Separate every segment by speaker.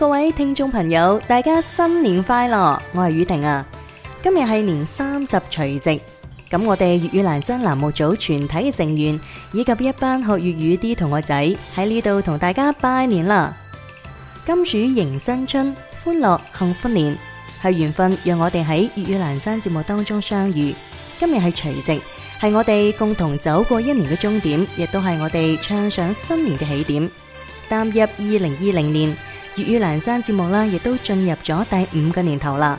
Speaker 1: 各位聽眾朋友，大家新年快樂！我係雨婷啊，今日係年三十除夕，咁我哋粵語闌珊欄目組全體嘅成員以及一班學粵語啲同學仔喺呢度同大家拜年啦！金鼠迎新春，歡樂幸福年，係緣分讓我哋喺粵語闌珊節目當中相遇。今日係除夕，係我哋共同走過一年嘅終點，亦都係我哋暢想新年嘅起點，踏入二零二零年。粵語闌珊節目啦，亦都進入咗第五個年頭啦。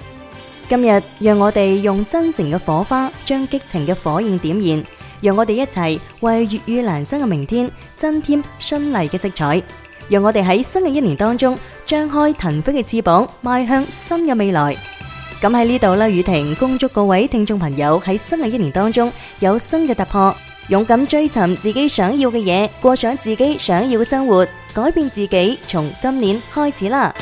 Speaker 1: 今日讓我哋用真誠嘅火花，將激情嘅火焰點燃。讓我哋一齊為粵語闌珊嘅明天增添絢麗嘅色彩。讓我哋喺新嘅一年當中，張開騰飛嘅翅膀，邁向新嘅未來。咁喺呢度啦，雨婷恭祝各位聽眾朋友喺新嘅一年當中有新嘅突破，勇敢追尋自己想要嘅嘢，過上自己想要嘅生活。改變自己，從今年開始啦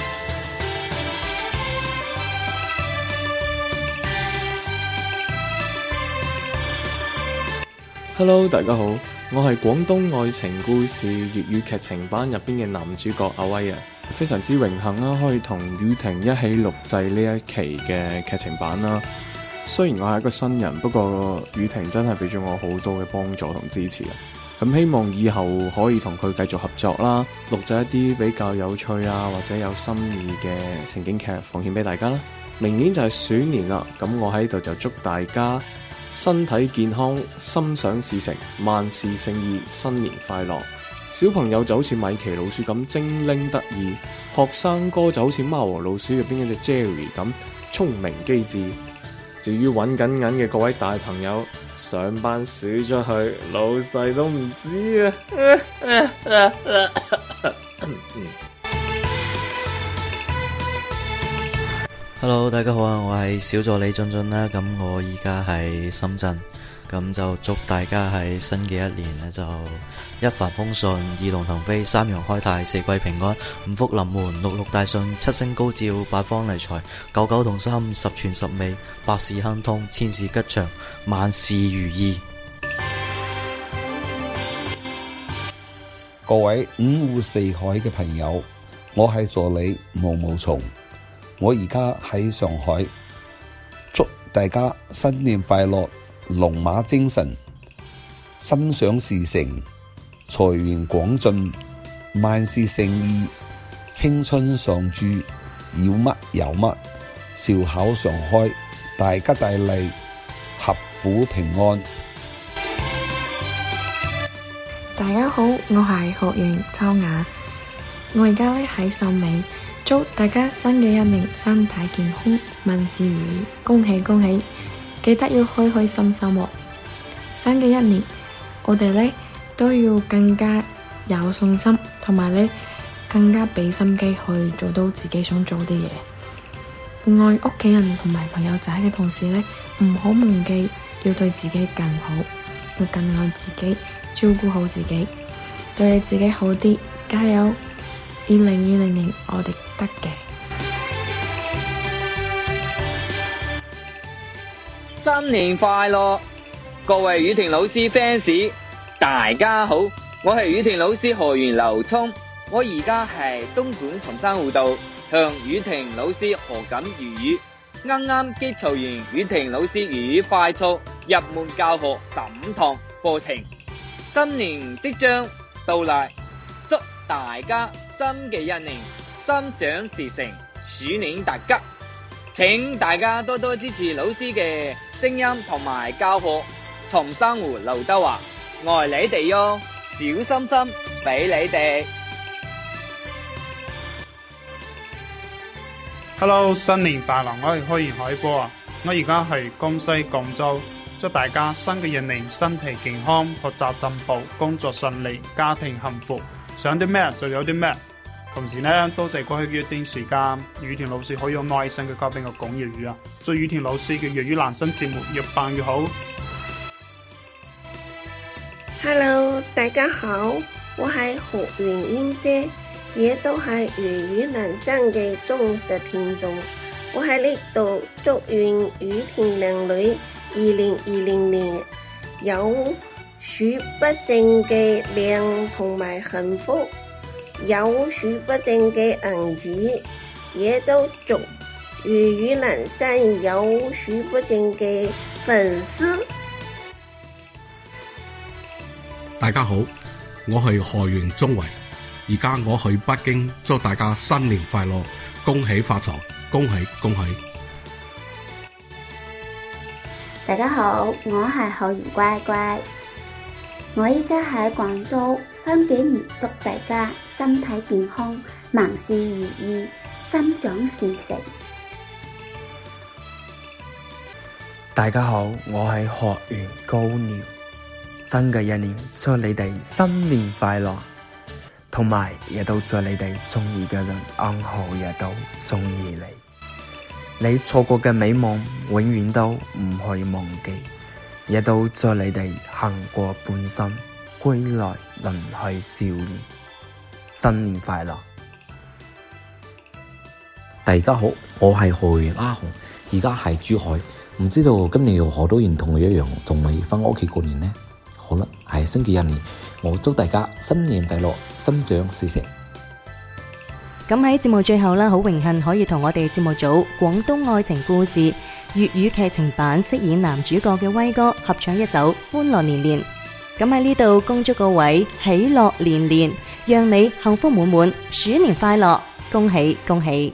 Speaker 2: ！Hello，大家好，我係廣東愛情故事粵語劇情版入邊嘅男主角阿威啊，非常之榮幸啊，可以同雨婷一起錄製呢一期嘅劇情版啦。雖然我係一個新人，不過雨婷真係俾咗我好多嘅幫助同支持啊！咁希望以後可以同佢繼續合作啦，錄製一啲比較有趣啊或者有心意嘅情景劇奉獻俾大家啦。明年就係鼠年啦，咁我喺度就祝大家身體健康，心想事成，萬事勝意，新年快樂。小朋友就好似米奇老鼠咁精靈得意，學生哥就好似貓和老鼠入邊嗰隻 Jerry 咁聰明機智。至於揾緊銀嘅各位大朋友，上班輸咗佢，老細都唔知啊 ！Hello，大家好啊，我係小助理俊俊啦，咁我而家喺深圳。咁就祝大家喺新嘅一年呢，就一帆風順、二龍騰飛、三陽開泰、四季平安、五福臨門、六六大順、七星高照、八方嚟財、九九同心、十全十美、百事亨通、千事吉祥、萬事如意。各位五湖四海嘅朋友，我係助理毛毛蟲，我而家喺上海，祝大家新年快樂！龍馬精神，心想事成，財源廣進，萬事勝意，青春常駐，要乜有乜，笑口常開，大吉大利，合府平安。大家好，我係學員秋雅，我而家咧喺汕尾，祝大家新嘅一年身體健康，萬事如意，恭喜恭喜！記得要開開心心喎、哦！新嘅一年，我哋呢都要更加有信心，同埋呢更加俾心機去做到自己想做啲嘢。愛屋企人同埋朋友仔嘅同時呢，唔好忘記要對自己更好，要更愛自己，照顧好自己，對你自己好啲。加油！二零二零年我們的，我哋得嘅。
Speaker 1: 新年快樂，各位雨婷老師 fans 大家好，我係雨婷老師學員劉聰，我而家係東莞松山湖道，向雨婷老師學緊粵語，啱啱結束完雨婷老師粵語快速入門教學十五堂課程，新年即將到嚟，祝大家新嘅一年心想事成，鼠年大吉，請大家多多支持老師嘅，聲音同埋教學，松山湖劉德華，愛你哋喲，小心心俾你哋。
Speaker 2: Hello，新年快樂！我係虛擬海波，啊，我而家喺江西贛州，祝大家新嘅一年身體健康、學習進步、工作順利、家庭幸福，想啲咩就有啲咩。同時呢，多謝過去嘅一段時間雨田老師好有耐心嘅教俾我講粵語啊！祝雨田老師嘅粵語闌珊節目越辦越好。
Speaker 1: Hello，大家好，我係何蓮英姐，也都係粵語闌珊嘅忠實聽眾。我喺呢度祝願雨田靚女二零二零年有數不盡嘅靚同埋幸福。有數不盡嘅銀紙，也都祝粵語闌珊有數不盡嘅粉絲。
Speaker 2: 大家好，我係何源中偉，而家我去北京，祝大家新年快樂，恭喜發財，恭喜恭喜。大家好，我係何源乖乖。我
Speaker 1: 而
Speaker 2: 家喺廣州，新幾年祝大家身體健康，萬事如意，心想事成。大家好，我係學員高尿，新嘅一年祝你哋新年快樂，同埋亦都祝你哋中意嘅人啱好，亦都中意你。你錯過嘅美夢，永遠都唔會忘記。也都祝你哋行過半生，歸來仍係少年。新年快樂！大家好，我係何元阿雄，而家喺珠海。唔知道今年有好多人同你一樣，仲未翻屋企過年呢？好啦，係新嘅一年，我祝大家新年快樂，心想事成。
Speaker 1: 咁喺節目最後啦，好榮幸可以同我哋節目組《廣東愛情故事》。粵語劇情版飾演男主角嘅威哥合唱一首《歡樂年年》，咁喺呢度恭祝各位喜樂年年，讓你幸福滿滿，鼠年快樂，恭喜恭喜！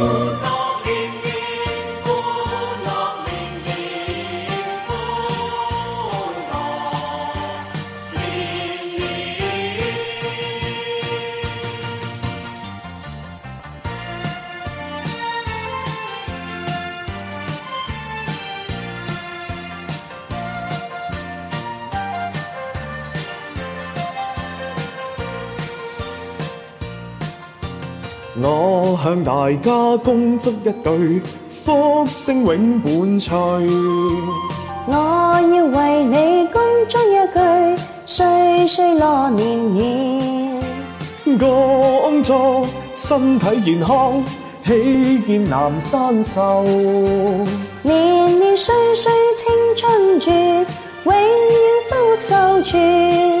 Speaker 2: 我向大家恭祝一對，福星永伴隨。我要為你恭祝一句，歲歲樂年年。恭祝身體健康，喜見南山壽。年年歲歲青春住，永遠福壽住。